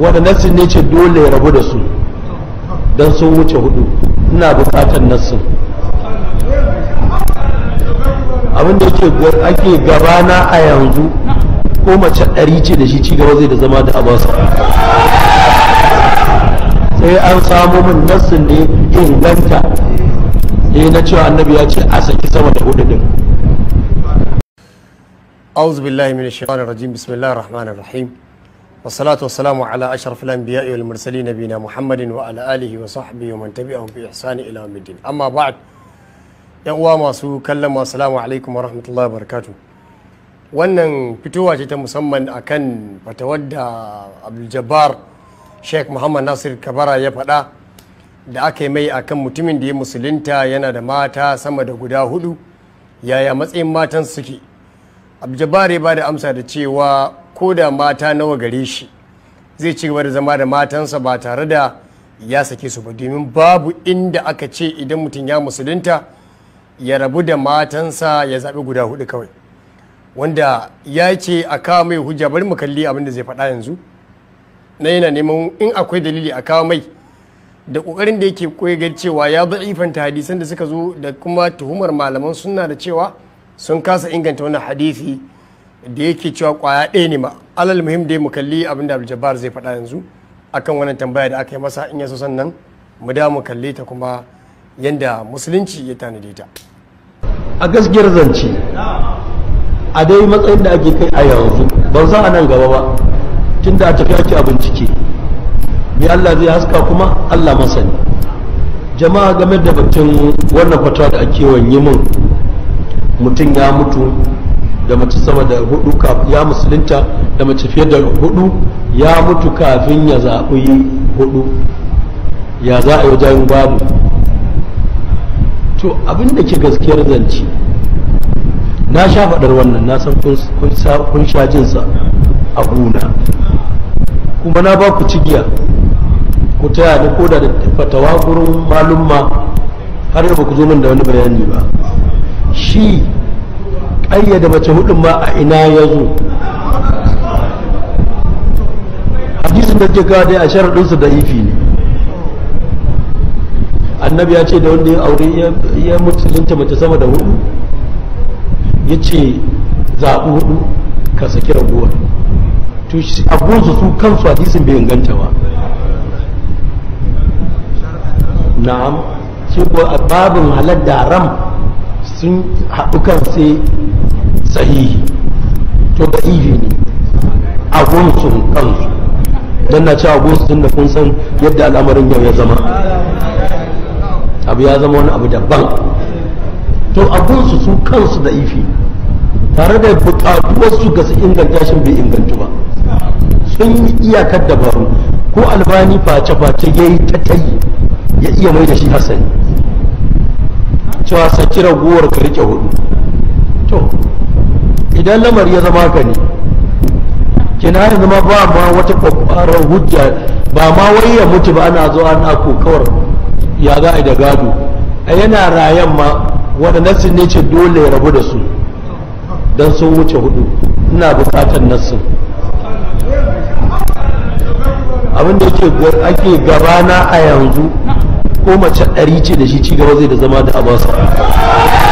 Wani nassin ne ce dole ya rabu da su don sun wuce hudu ina bukatar nassin abin da ake gabana a yanzu ko mace ɗari ce da shi cigaba zai da zama da abasa sai an samu min nassin ne inganta ne eh, na cewa annabi ya ce a saki sama da hudu din أعوذ بالله من الشيطان الرجيم بسم الله الرحمن الرحيم والصلاة والسلام على أشرف الأنبياء والمرسلين نبينا محمد وعلى آله وصحبه ومن تبعهم بإحسان إلى يوم الدين أما بعد ‘yan uwa masu kallon salamu alaikum wa rahmatullahi wa barakatu wannan fitowa ce ta musamman akan fatawar da abdul-jabbar sheikh muhammad nasir kabara ya faɗa da aka yi mai akan mutumin da ya musulunta yana da mata sama da guda hudu yaya matsayin matan suke abu jabbar ya ba da amsa da cewa ko da mata nawa gare shi zai ci gaba da zama da matansa ba tare da ya sake su ba domin babu inda aka ce idan mutum ya musulunta ya rabu da matansa ya zaɓi guda hudu kawai wanda ya ce a kawo mai hujja bari mu kalli abin da zai faɗa yanzu na yana neman in akwai dalili a kawo mai da ƙoƙarin da yake ga cewa ya ifanta hadisan da suka zo da kuma tuhumar malaman suna da cewa sun kasa inganta wannan hadisi da yake cewa kwaya ɗaya ne ma alal muhim da mu kalli abin da abdul zai faɗa yanzu akan wannan tambaya da aka yi masa in ya so sannan mu da mu kalli ta kuma yanda musulunci ya tanade ta a gaskiyar zance a dai matsayin da ake kai a yanzu ban za a nan gaba ba tunda a tafi ake a bincike mai Allah zai haska kuma Allah masani jama'a game da batun wannan fata da ake yi mun mutum ya mutu da mace sama da hudu ya musulunta da mace fiye da hudu ya mutu kafin ya zaɓi hudu ya za a yi wajen babu to abinda da ke gaskiyar zance na sha faɗar wannan na san kun sha jinsa a gona kuma na ba ku cigiya ku taya ni ko da fatawa gurin malumma har yau ba ku zo min da wani bayani ba shi ayyada mace hudun ma a ina ya zo hadisun da ke kawo dai a sharaɗinsu da ifi ne annabi ya ce da wanda ya aure ya musulunta mace sama da hudu ya ce zaɓi hudu ka saki raguwa abunsu su kansu hadisin bai inganta ba na'am shi ko babin halar da haram sun haɗu kan sai sahihi to da ihi ne a gunsun kansu don na cewa gunsun da kun san yadda al'amarin yau ya zama abu ya zama wani abu daban to a gunsu su kansu da ifi tare da wasu ga su inganta shi bai inganta ba sun yi iyakar dabaru ko albani face-face ya yi ta tayi ya iya mai da shi hasani cewa saki ragowar ka rike hudu to idan lamari ya zama ka ne kina ya zama ba ma wata kwakwaran hujja ba ma wai ya mutu ba ana zuwa ana kokawar ya za a gado a yana rayan ma wanda nassin ne ce dole ya rabu da su don sun wuce hudu ina bukatar nassin abin da yake ake gabana a yanzu ko mace ɗari ce da shi cigaba zai da zama da abasa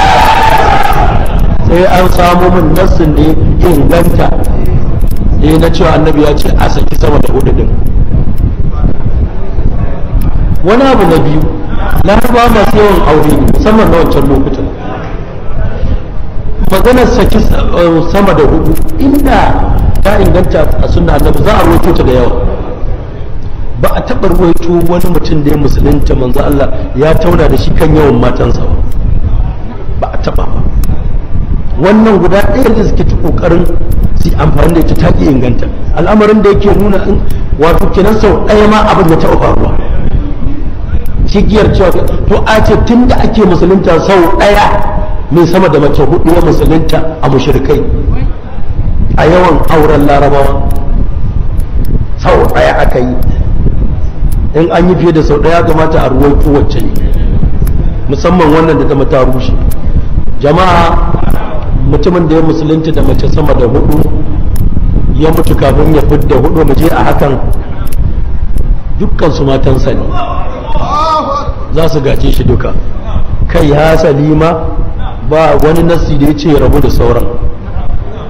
sai an samu min nassin ne inganta eh na cewa annabi ya ce a saki sama da hudu din wani abu na biyu ba masu yawan aure ne musamman na wancan lokutan maganar saki eh, sama da hudu inda ta inganta a sunna annabi za a roto ta da yawa ba a taɓa ruwaito wani mutum da ya musulunta manzo Allah ya tauna da shi kan yawan matansa ba ba a taɓa wannan guda ɗaya da suke ta ƙoƙarin su amfani da ita ta ƙi inganta al'amarin da yake nuna in wato kenan sau ɗaya ma abin da taɓa faruwa shigiyar cewa to a ce tun da ake musulunta sau ɗaya mai sama da mace hudu na musulunta a mushrikai a yawan auren larabawa sau ɗaya aka yi in an yi fiye da sau ɗaya mata a ruwan kowace ne musamman wannan da ta mata rushe jama'a mutumin da ya musulunta da mace sama da hudu ya mutu kafin ya fidda hudu mu a hakan dukkan su matan sani. za su gace shi duka kai ya Salima ba wani nasi da ya ce rabu da sauran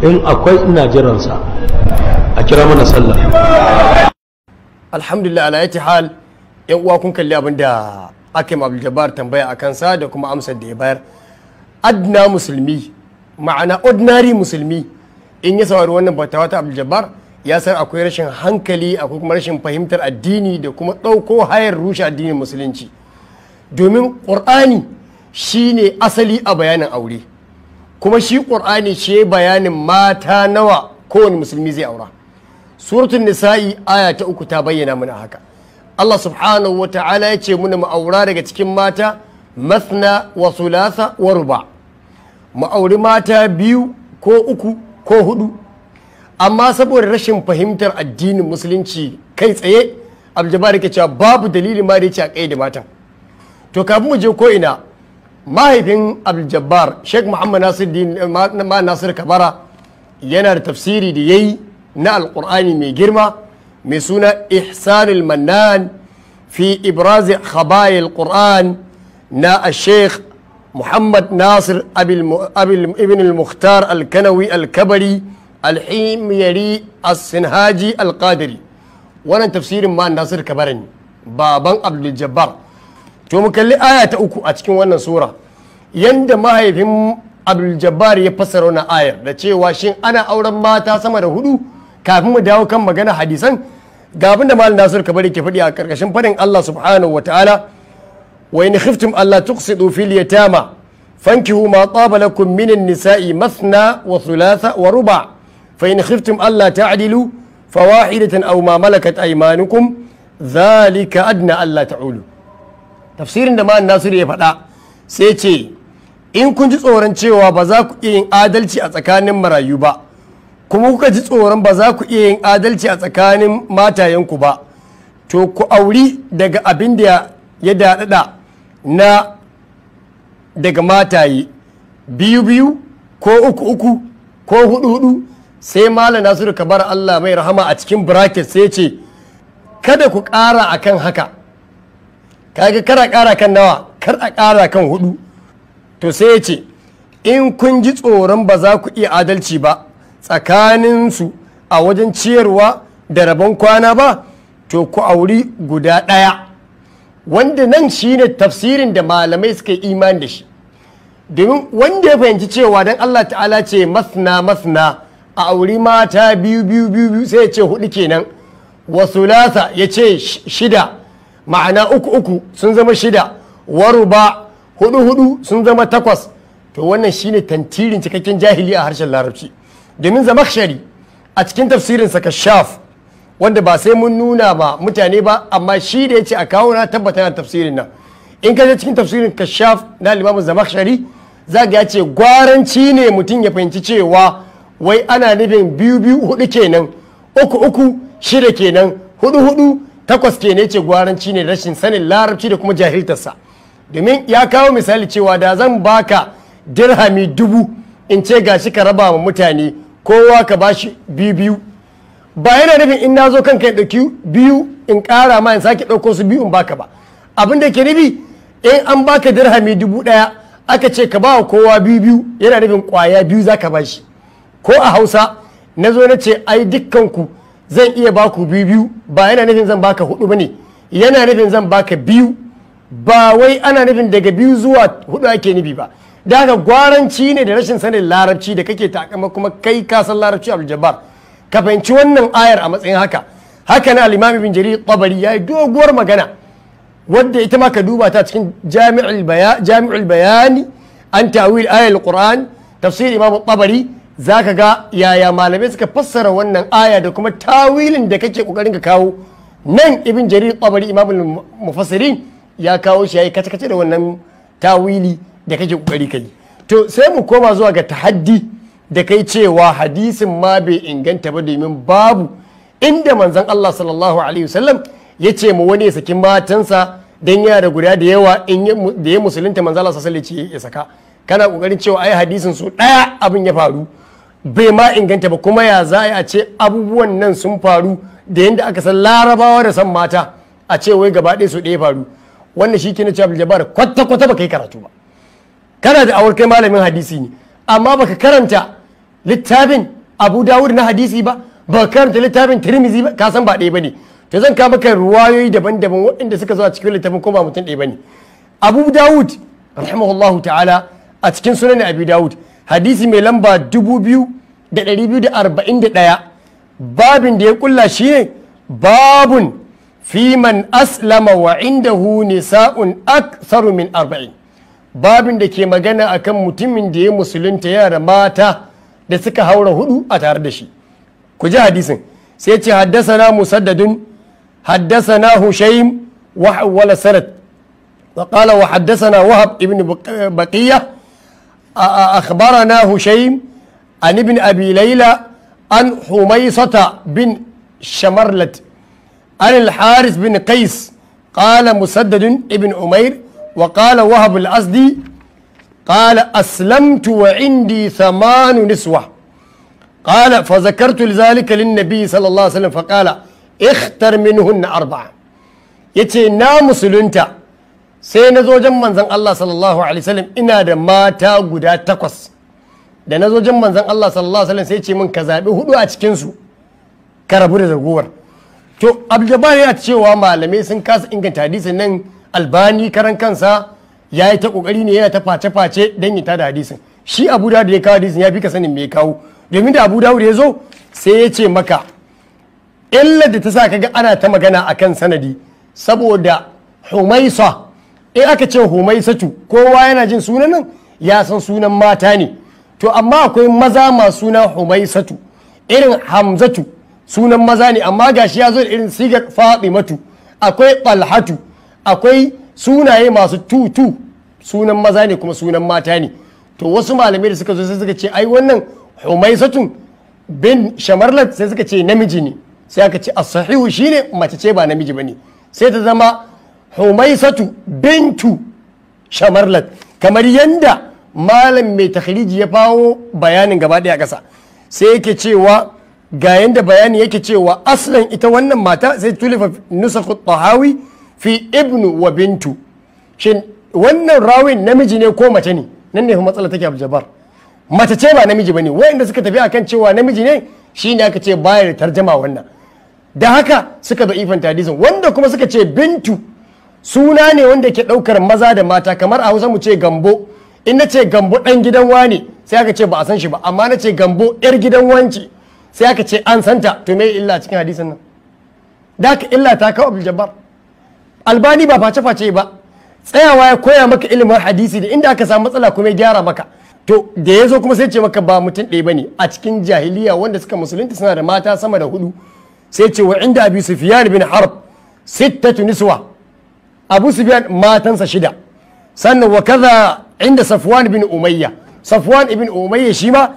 in akwai ina jiransa a kira mana sallah alhamdulillah ala yati hal yan uwa kun kalli abin da akim abdul tambaya a kansa da kuma amsar da ya bayar adna musulmi ma'ana ordinary musulmi in ya saurari wannan fatawa ta jabbar ya san akwai rashin hankali akwai kuma rashin fahimtar addini da kuma ɗauko hayar rushe addinin musulunci domin ƙur'ani shine asali a bayanin aure kuma shi ƙur'ani ce bayanin mata nawa kowane musulmi zai aura suratun nisa'i aya ta uku ta bayyana mana haka Allah subhanahu wa ta'ala ya ce muna mu aura daga cikin mata masna wa sulasa wa ruba' Ma'auri mata biyu ko uku ko hudu amma saboda rashin fahimtar addinin musulunci kai tsaye aljabari ke cewa babu dalili ma da ya ce a da matan to kafin mu je ko ina mahaifin abjabar sheikh muhammad nasir kabara yana da tafsiri da yayi na alkur'ani mai girma mai suna ihsanul mannan fi ibrazi khabayil qur'an na sheikh محمد ناصر أبي, الم... أبي الم... ابن المختار الكنوي الكبري الحميري السنهاجي القادري وانا تفسير ما ناصر كبرني عبد الجبار to mu kalli aya ta uku a cikin wannan sura yanda mahaifin abdul-jabbar ya fassara na ayar da cewa shin ana auren mata sama da hudu kafin mu dawo kan magana hadisan ga da malam nasir kabari ke faɗi a karkashin faɗin allah subhanahu wa ta'ala وإن خفتم ألا تقصدوا في اليتامى فانكحوا ما طاب لكم من النساء مثنى وثلاث وربع فإن خفتم ألا تعدلوا فواحدة أو ما ملكت أيمانكم ذلك أدنى ألا تعولوا tafsirin da ma'an nasiru ya faɗa sai ce in kun ji tsoron cewa ba za ku iya yin adalci a tsakanin marayu ba kuma kuka ji tsoron ba za ku iya yin adalci a tsakanin matayenku ba to ku auri daga abin da ya daɗaɗa na daga mataye biyu biyu ko uku uku ko hudu hudu sai malam nasiru bar allah mai rahama a cikin bracket sai ce kada ku ƙara akan haka kaga kara ƙara kan nawa kar a ƙara kan hudu to sai ce in kun ji tsoron ba za ku iya adalci ba tsakaninsu a wajen ciyarwa da rabon kwana ba to ku auri guda ɗaya wanda nan shi ne tafsirin da malamai suka yi imani da shi domin wanda ya fahimci cewa don Allah ta'ala ce masna masna a auri mata biyu biyu biyu sai ya ce hudu kenan wasu lasa ya ce shida ma'ana uku uku sun zama shida waruba hudu hudu sun zama takwas to wannan shi ne tantirin cikakken jahili a harshen larabci domin zama shari, a cikin tafsirinsa ka shaf wanda ba sai mun nuna ba mutane ba amma shi da ya ce a kawo na tabbata na tafsirin nan in ka je cikin tafsirin kashaf na limamin zamakshari za ga ya ce gwaranci ne mutum ya fahimci cewa wai ana nufin biyu biyu hudu kenan uku uku shida kenan hudu hudu takwas kenan ce gwaranci ne rashin sanin larabci da kuma jahiltarsa domin ya kawo misali cewa da zan baka dirhami dubu in ce gashi ka raba wa mutane kowa ka bashi biyu biyu ba yana nufin in na zo kanka kai ɗauki biyu in kara ma in sake ɗauko su biyu in baka ba abin da ke nufi in an baka dirhami dubu ɗaya aka ce ka ba wa kowa biyu biyu yana nufin kwaya biyu za ka bashi ko a hausa na zo na ce ai dukkanku zan iya baku biyu biyu ba yana nufin zan baka hudu ba ne yana nufin zan baka biyu ba wai ana nufin daga biyu zuwa hudu ake nufi ba da haka gwaranci ne da rashin sanin larabci da kake takama kuma kai kasan larabci aljabar. ka fahimci wannan ayar a matsayin haka haka na al-imam ibn jarir ya yi doguwar magana wadda ita ma ka duba ta cikin jami'ul bayani an tawil ayar qur'an tafsir imam tabari ka ga yaya malamai suka fassara wannan aya da kuma tawilin da kake kokarin ka kawo nan ibn jarir tabari imam mufassirin ya kawo shi yayi kace kace da wannan tawili da kake kokari kai to sai mu koma zuwa ga tahaddi da kai cewa hadisin ma bai inganta ba domin babu inda manzan Allah sallallahu alaihi wasallam ya ce mu wani ya saki matansa dan yana da guda da yawa in da ya musulunta manzon Allah sallallahu alaihi ya saka kana kokarin cewa ai hadisin su ɗaya abin ya faru bai ma inganta ba kuma ya za a ce abubuwan nan sun faru da yadda aka san larabawa da san mata a ce wai gaba ɗaya su ɗaya faru wannan shi kina cewa jabar kwata kwata baka yi karatu ba kana da awar kai malamin hadisi ne amma baka karanta littafin abu dawud na hadisi ba ba karanta littafin tirmizi ba kasan ba ɗaya ba ne. to zan kama kan ruwayoyi daban-daban waɗanda suka zo a cikin littafin ko ba mutum ɗaya ba ne. abu dawud rahimahullahu ta'ala a cikin sunan abu dawud hadisi mai lamba 2241 babin da ya kulla shi ne babun fiman aslama wa inda indahu sa'un ak min arba'in babin da ke magana akan mutumin da ya musulunta yara mata da suka haura hudu a tare da shi ku ji hadisin sai ce haddasana musaddadun haddasana hushaim wa hawwala sanad wa qala wa haddasana wahab ibn baqiya akhbarana hushaim an ibn abi layla an humaysata bin shamarlat عن الحارث بن قيس قال مسدد ابن umair وقال وهب الأزدي قال أسلمت وعندي ثمان نسوة قال فذكرت ذلك للنبي صلى الله عليه وسلم فقال اختر منهن أربعة يتي نامس لنتا سينزو جمّن زن الله صلى الله عليه وسلم إنا دا ماتا قدا تقص da na zo jin manzon Allah sallallahu alaihi wasallam sai ce min ka zaɓi huɗu a cikin su ka rabu da ragowar. to ya yana cewa malamai sun kasa inganta hadisin nan albani karan kansa ya yi ta kokari ne yana ta face-face don yi da hadisin shi abu da ya kawo hadisin ya fi ka sanin mai kawo domin da abu dawud ya zo sai ya ce maka illar da ta sa kaga ana ta magana a kan sanadi saboda humaisa in aka ce humaisatu kowa yana jin sunan nan ya san sunan mata ne to amma akwai maza masu sunan humaisatu irin hamzatu sunan maza ne amma gashi ya zo da irin sigar matu akwai ɓalhatu akwai sunaye masu tutu sunan maza ne kuma sunan mata ne to wasu malamai da suka zo sai suka ce ai wannan humaisatun bin shamarlat sai suka ce namiji ne sai aka ce asahihu shine mace ce ba namiji bane sai ta zama humaisatu bintu shamarlat kamar yanda malam mai takhriji ya fawo bayanin gaba daya kasa sai yake cewa ga yanda bayani yake cewa aslan ita wannan mata sai tulifa nusakhu tahawi fi ibnu wa bintu shin wannan rawin namiji ne ko mace ne nan ne matsala take abjabar mace ce ba namiji bane wayanda suka tafi akan cewa namiji ne shine aka ce baya da tarjama wannan da haka suka da ifan hadisin wanda kuma suka ce bintu suna ne wanda ke daukar maza da mata kamar a Hausa mu ce gambo in na ce gambo dan gidan wane sai aka ce ba a san shi ba amma na ce gambo yar gidan wanci sai aka ce an santa to me illa cikin hadisin nan da illa ta kawo abdul jabbar albani ba face-face ba tsayawa ya koya maka ilimin hadisi da inda aka samu matsala kuma ya gyara maka to da ya zo kuma sai ce maka ba mutum ɗaya bane a cikin jahiliya wanda suka musulunta suna da mata sama da hudu sai ce wa inda abi sufyan bin harb sittatu niswa abu sufyan matansa shida sannan wa kaza inda safwan bin umayya safwan ibn umayya shi ma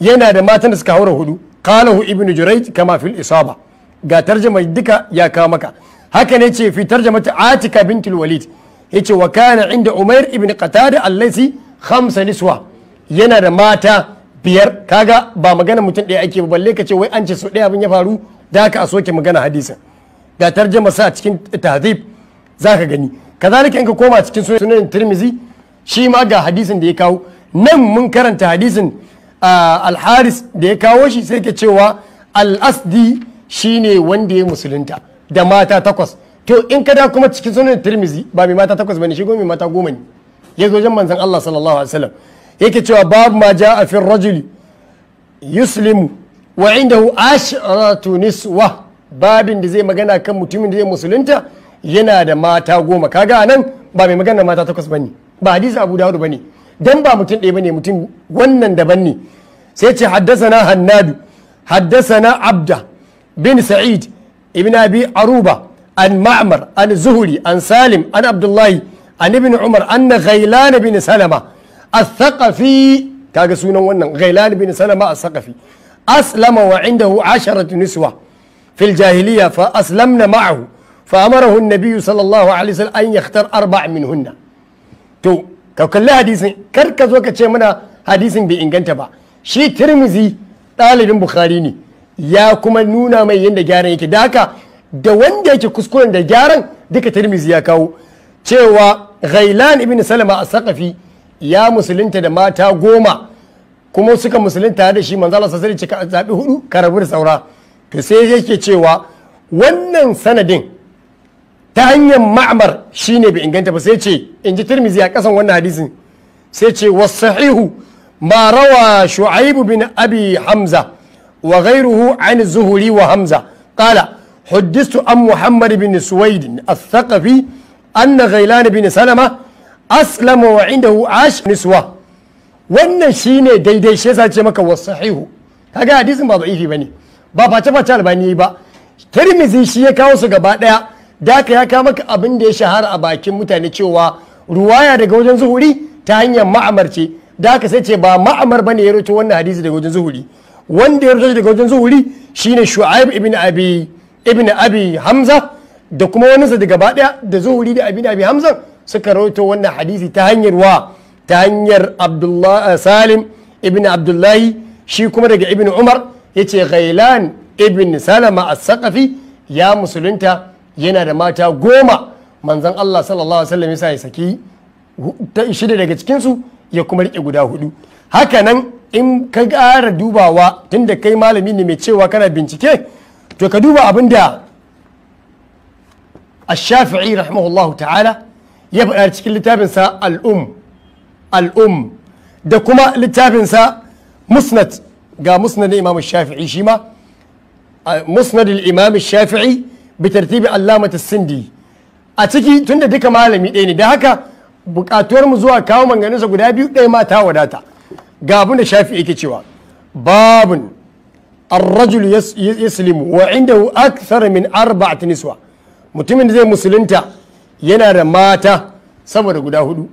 yana da matan da suka haura hudu qalahu ibn jurayj kama fil isaba ga tarjama duka ya kawo maka haka ne ce fitar da mata atika bintul walid ya ce wa kana inda umair ibn qatada allazi khamsa niswa yana da mata biyar kaga ba magana mutum ɗaya ake ba balle ka ce wai an ce su ɗaya abin ya faru da haka a soke magana hadisi ga tarjama sa cikin tahzib zaka gani kazalika in ka koma cikin sunan tirmizi shi ma ga hadisin da ya kawo nan mun karanta hadisin alharis da ya kawo shi sai ka cewa al-asdi shine wanda ya musulunta da mata takwas to in ka kada kuma cikin sunan tirmizi ba mai mata takwas bane shi goma mai mata goma ne ya zo jan manzon Allah sallallahu alaihi wasallam yake cewa babu ma ja'a fi rajuli yuslimu wa indahu ashratu niswa babin da zai magana kan mutumin da zai musulunta yana da mata goma kaga anan ba mai magana mata takwas bane ba hadisi Abu Dawud bane dan ba mutum ɗaya bane mutum wannan daban ne sai ce haddasa na hannadu haddasa na abda bin sa'id Ibin abi aruba an ma'mar an zuhuri an salim an abdullahi an ibn umar anna ghailan bin salama الثقفي kaga sunan wannan ghailan bin salama as-saqafi aslama wa indahu 10 niswa fil jahiliya fa aslamna ma'ahu fa amarahu an-nabiy sallallahu alaihi wasallam an yakhtar arba' minhunna to ka kalli hadisin kar ka zo ka ce mana hadisin bai inganta ba shi tirmizi ɗalibin bukhari ne ya kuma nuna mai yadda gyaran yake da haka da wanda yake kuskuren da gyaran duka tirmizi ya kawo cewa ghailan ibn salama a sakafi ya musulunta da mata goma kuma suka musulunta da shi manzala sassari cika zaɓi hudu karabu da saura ta sai yake cewa wannan sanadin ta hanyar ma'amar shine bai inganta ba sai ce in ji tirmizi a kasan wannan hadisin sai ce wasu sahihu ma rawa shu'aibu bin abi hamza وغيره عن الزهري وهمزة قال حدثت عن محمد بن سويد الثقفي أن غيلان wannan shine daidai shi yasa ce maka wasahihu kaga hadisin ba da'ifi bane ba face face albani ba tirmizi shi ya kawo su gaba daya da ka ya kawo maka abin da ya shahara a bakin mutane cewa ruwaya daga wajen zuhuri ta hanyar ma'amar ce da ka sai ce ba ma'amar bane ya rubuta wannan hadisi daga wajen zuhuri wanda ya rubuta daga wajen zuhuri shine shu'aib ibn abi ibn abi hamza da kuma wani sa daga baɗaya da zuhuri da abin abi hamza suka rawaito wannan hadisi ta hanyar wa ta hanyar eh, salim ibn abdullahi shi kuma daga ibn umar ya ce ghailan ibn salama as-saqafi ya musulunta yana da mata goma manzon allah sallallahu alaihi wasallam ya saki shida daga cikinsu ya kuma rike guda hudu hakanan in ka ƙara dubawa tunda kai malami ne mai cewa kana bincike to ka duba abin da ash-shafi'i rahimahullahu ta'ala ya faɗa cikin littafinsa al'um al'um da kuma littafinsa musnad ga musnad imam shafi'i shi ma musnad imam shafi'i bi tartibi allamat sindi a ciki tunda duka malami ɗaya ne da haka bukatuwar mu zuwa kawo manganinsa guda biyu ɗaya ma ta wadata ga abin da shafi yake cewa babun arrajul yaslimu wa indahu akthar min arba'at niswa mutumin da zai musulunta yana da mata sama da guda hudu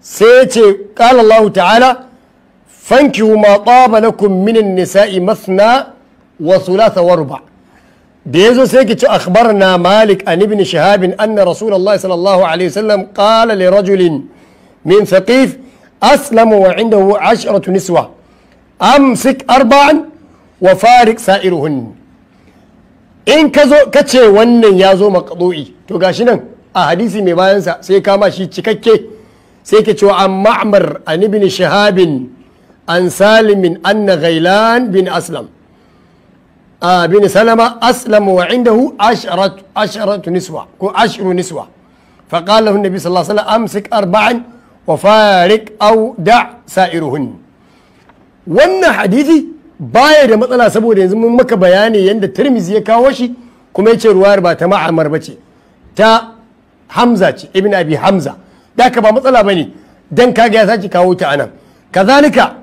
sai ce qala Allah ta'ala fankihu ma taba lakum min an-nisa'i mathna wa thulatha wa ruba' da ya zo sai ki ci akhbarna malik an ibn shihab anna rasulullahi sallallahu alaihi wasallam qala li rajulin min thaqif أسلم وعنده عشرة نسوة أمسك أربعا وفارق سائرهن in ka zo ka ce wannan ya zo makadu'i to gashi nan a hadisi mai bayansa sai kama shi cikakke sai ke cewa an ma'amar an ibn shahabin an salimin anna ghailan bin aslam bin salama aslam wa indahu asharatu niswa ko ashiru niswa فقال له النبي صلى الله عليه وسلم wa farik au da wannan hadisi baya da matsala saboda yanzu mun maka bayani yadda tirmizi ya kawo shi kuma ya ce ruwayar ba ta ma'amar ba ce ta hamza ce ibn abi hamza da ka ba matsala ba ne dan kaga ya sake kawo ta anan kazalika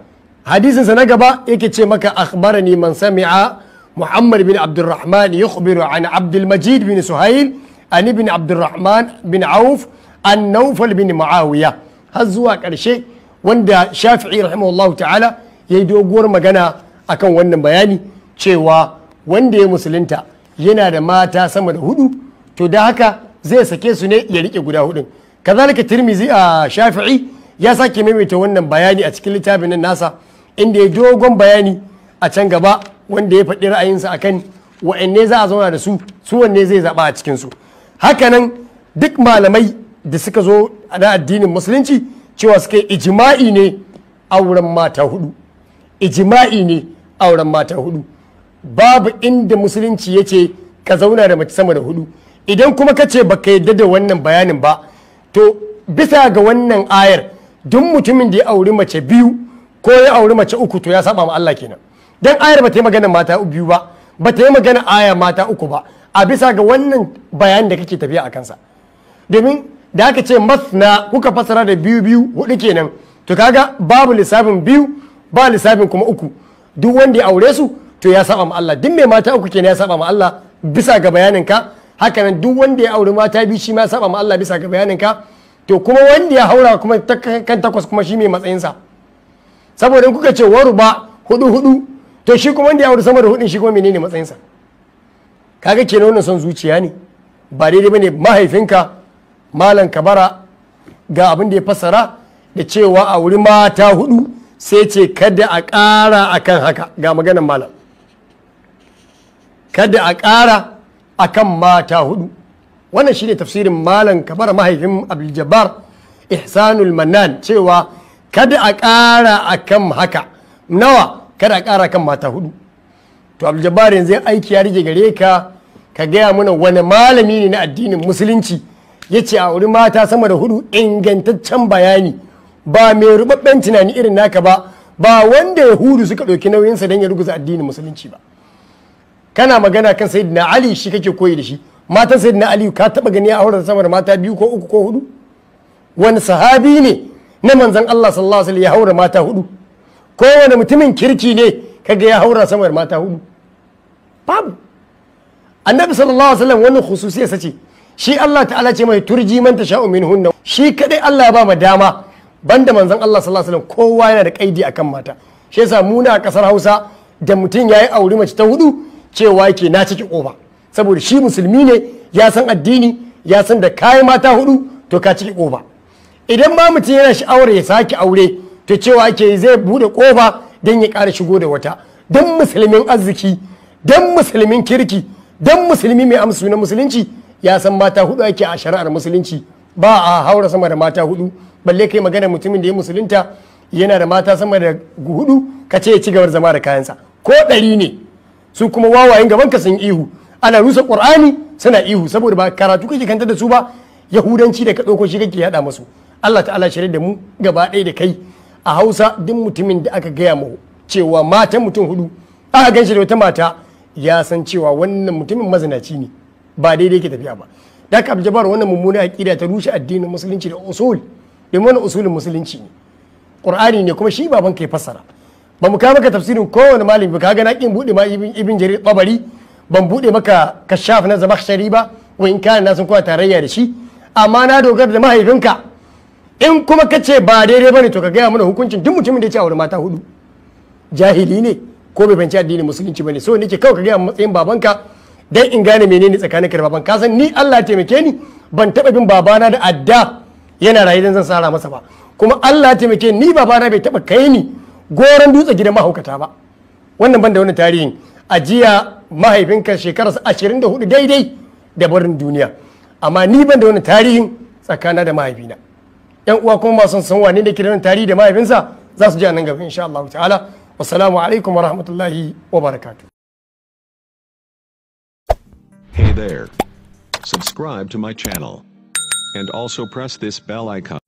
hadisinsa na gaba yake ce maka akhbarani man sami'a muhammad bin abdurrahman yukhbiru an abdul majid bin suhayl an ibn abdurrahman bin auf an nawfal bin نوفل har zuwa ƙarshe wanda shafi'i rahimahullahu ta'ala ya yi doguwar magana akan wannan bayani cewa wanda ya musulunta yana da mata sama da hudu to da haka zai sake su ne ya rike guda hudun kazalika tirmizi a shafi'i ya sake maimaita wannan bayani a cikin littafin nan nasa inda ya dogon bayani a can gaba wanda ya faɗi ra'ayinsa akan wa'anne za a zauna da su su wanne zai zaɓa a cikin su. hakanan duk malamai da suka zo na addinin musulunci cewa suka ijima'i ne auren mata hudu ijima'i ne auren mata hudu babu inda musulunci ya ce ka zauna da mace sama da hudu idan kuma ka ce baka yadda da wannan bayanin ba to bisa ga wannan ayar duk mutumin da ya auri mace biyu ko ya auri mace uku to ya saba ma Allah kenan dan ayar ba ta yi magana mata biyu ba ba ta yi magana aya mata uku ba a bisa ga wannan bayanin da kake tafiya a kansa domin da aka ce masna kuka fasara da biyu biyu hudu kenan to kaga babu lissafin biyu ba lissafin kuma uku duk wanda ya aure su to ya saba ma Allah duk mai mata uku kenan ya saba ma Allah bisa ga bayanin ka haka nan duk wanda ya aure mata biyu shi ma ya saba ma Allah bisa ga bayanin ka to kuma wanda ya haura kuma kan takwas kuma shi mai matsayin sa saboda in kuka ce waru ba hudu hudu to shi kuma wanda ya aure sama da hudun shi kuma menene matsayin sa kaga kenan wannan son zuciya ne ba daidai bane mahaifinka malam kabara ga abin da ya fassara da cewa a wuri mata hudu sai ce kada a ƙara akan haka ga maganan malam kada a ƙara akan mata hudu wannan shine tafsirin malam kabara mahaifin abuljabar ihsanul manan cewa kada a ƙara kan haka nawa kada a ƙara kan mata hudu to abuljabar yanzu aiki ya rige gare ka ka gaya mana wani malami ne na addinin musulunci ya ce a wuri mata sama da hudu ingantaccen bayani ba mai rubabben tunani irin naka ba ba wanda yahudu suka ɗauki nauyinsa don ya ruguza addinin musulunci ba kana magana kan na ali shi kake koyi da shi matan na ali ka taba gani a auren sama da mata biyu ko uku ko hudu wani sahabi ne na manzon Allah sallallahu alaihi wasallam ya haura mata hudu wani mutumin kirki ne kaga ya haura sama da mata hudu babu annabi sallallahu alaihi wasallam wannan khususiyarsa sace. shi Allah ta'ala ce mai turji man min hunna shi kadai Allah ya ba mu dama banda manzon Allah sallallahu alaihi wasallam kowa yana da kaidi akan mata shi yasa mu na kasar Hausa da mutum yayi aure mace ta hudu cewa yake na ciki kofa saboda shi musulmi ne ya san addini ya san da kayan mata hudu to ka ciki kofa idan ma mutum yana sha'awar ya sake aure to cewa ake zai bude kofa dan ya ƙara shigo da wata dan musulmin arziki dan musulmin kirki dan musulmi mai amsu na musulunci ya san mata hudu ake a shari'ar musulunci ba a haura sama da mata hudu balle kai magana mutumin da ya musulunta yana da mata sama da hudu ka ce ya ci gaba zama da kayansa ko ɗari ne su kuma wawayen ka sun ihu ana rusa ƙur'ani suna ihu saboda ba karatu kake kanta da su ba yahudanci da ka ɗauko shi kake yaɗa musu Allah ta'ala shirya da mu gaba ɗaya da kai a Hausa duk mutumin da aka gaya mu cewa matan mutum hudu aka gan shi da wata mata ya san cewa wannan mutumin mazinaci ne ba daidai yake tafiya ba da ka jabar wannan mummuna aqida ta rushe addinin musulunci da usul da wannan usulin musulunci ne qur'ani ne kuma shi baban ka fassara ba mu kai maka tafsirin kowane malami ka ga na kin bude ma ibn jarir babari ban bude maka kashaf na zamakhshari ba wa in kana na sun kowa tarayya da shi amma na dogara da mahaifinka in kuma ka ce ba daidai ne to ka gaya mana hukuncin duk mutumin da ya ce aure mata hudu jahili ne ko bai fahimci addinin musulunci ba ne so nake kawai ka gaya matsayin babanka dan in gane menene tsakanin da baban kasan ni Allah taimake ni ban taba bin babana da adda yana rayu dan zan sara masa ba kuma Allah taimake ni babana bai taba kai ni goran dutse gidan mahaukata ba wannan ban da wani tarihin ajiya mahaifinka shekararsa 24 daidai da barin duniya amma ni ban da wani tarihin tsakana da mahaifina yan uwa kuma masu san wane da ke tarihi da mahaifinsa za su ji a nan gaba insha Allah ta'ala wassalamu alaikum wa rahmatullahi wa barakatuh Hey there. Subscribe to my channel. And also press this bell icon.